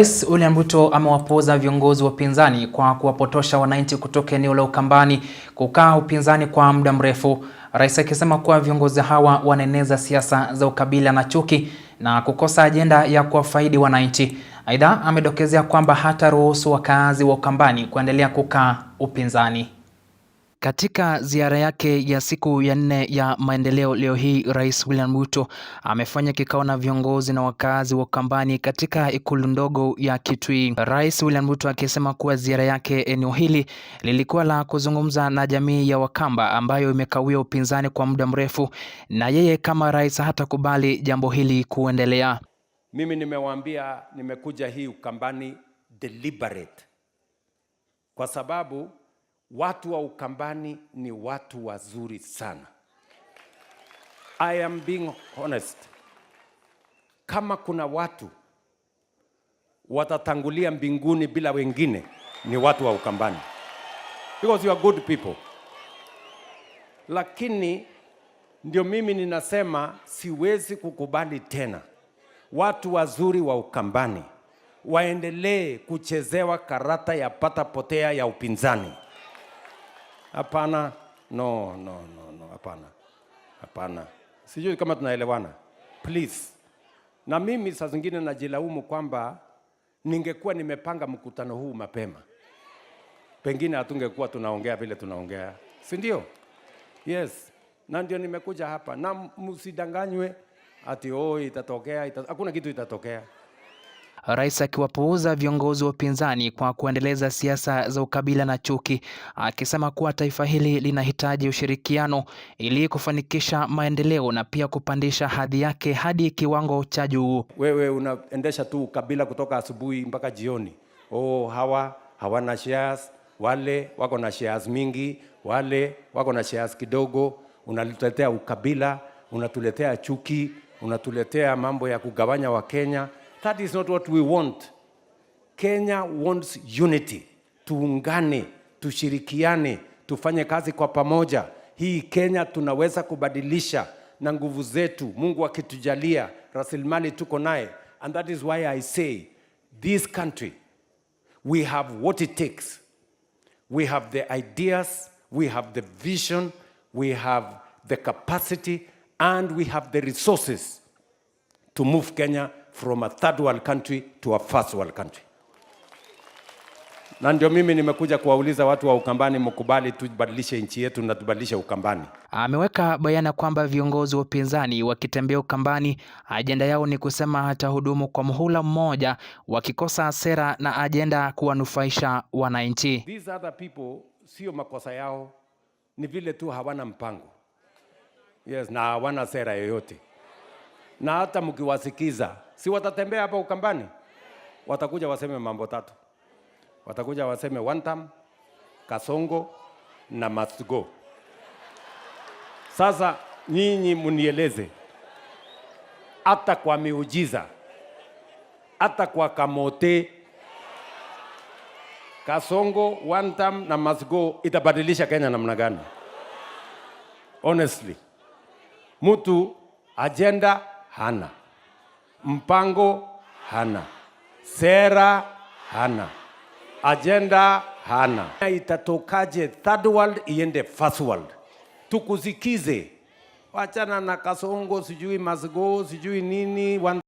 Rais William Ruto amewapooza viongozi wa upinzani kwa kuwapotosha wananchi kutoka eneo la Ukambani kukaa upinzani kwa muda mrefu, rais akisema kuwa viongozi hawa wanaeneza siasa za ukabila na chuki na kukosa ajenda ya kuwafaidi wananchi. Aidha, amedokezea kwamba hataruhusu wakaazi wa Ukambani kuendelea kukaa upinzani. Katika ziara yake ya siku ya nne ya maendeleo leo hii, Rais William Ruto amefanya kikao na viongozi na wakazi wa Ukambani katika ikulu ndogo ya Kitui. Rais William Ruto akisema kuwa ziara yake eneo hili lilikuwa la kuzungumza na jamii ya Wakamba ambayo imekawia upinzani kwa muda mrefu, na yeye kama rais hatakubali jambo hili kuendelea. Mimi nimewaambia nimekuja hii Ukambani deliberate kwa sababu Watu wa Ukambani ni watu wazuri sana. I am being honest. Kama kuna watu watatangulia mbinguni bila wengine ni watu wa Ukambani. Because you are good people. Lakini ndio mimi ninasema siwezi kukubali tena watu wazuri wa Ukambani waendelee kuchezewa karata ya pata potea ya upinzani. Hapana, no, no, no, no, hapana, hapana. Sijui kama tunaelewana, please. Na mimi saa zingine najilaumu kwamba ningekuwa nimepanga mkutano huu mapema, pengine hatungekuwa tunaongea vile tunaongea, si ndio? Yes, na ndio nimekuja hapa, na msidanganywe ati oh, itatokea, itatokea. Hakuna kitu itatokea rais akiwapuuza viongozi wa upinzani kwa kuendeleza siasa za ukabila na chuki, akisema kuwa taifa hili linahitaji ushirikiano ili kufanikisha maendeleo na pia kupandisha hadhi yake hadi kiwango cha juu. Wewe unaendesha tu ukabila kutoka asubuhi mpaka jioni. Oh, hawa hawana shares, wale wako na shares mingi, wale wako na shares kidogo. Unatuletea ukabila, unatuletea chuki, unatuletea mambo ya kugawanya Wakenya. That is not what we want. Kenya wants unity. Tuungane, tushirikiane, tufanye kazi kwa pamoja. Hii Kenya tunaweza kubadilisha na nguvu zetu, Mungu akitujalia, rasilimali tuko naye. And that is why I say this country we have what it takes. We have the ideas, we have the vision, we have the capacity and we have the resources to move Kenya from a third world country to a first world country. Na ndio mimi nimekuja kuwauliza watu wa Ukambani, mkubali tubadilishe nchi yetu na tubadilishe Ukambani. Ameweka bayana kwamba viongozi wa upinzani wakitembea Ukambani, ajenda yao ni kusema hudumu kwa muhula mmoja, wakikosa sera na ajenda kuwanufaisha wananchi. These other people sio makosa yao, ni vile tu hawana mpango. Yes, na hawana sera yoyote, na hata mkiwasikiza si watatembea hapa Ukambani, watakuja waseme mambo tatu, watakuja waseme one time, Kasongo na must go. Sasa nyinyi munieleze, hata kwa miujiza, hata kwa kamote, Kasongo one time na must go itabadilisha Kenya namna gani? Honestly, mtu ajenda hana Mpango hana, sera hana, ajenda hana. Itatokaje third world iende first world? Tukuzikize, wachana na kasongo, sijui mazgo sijui nini.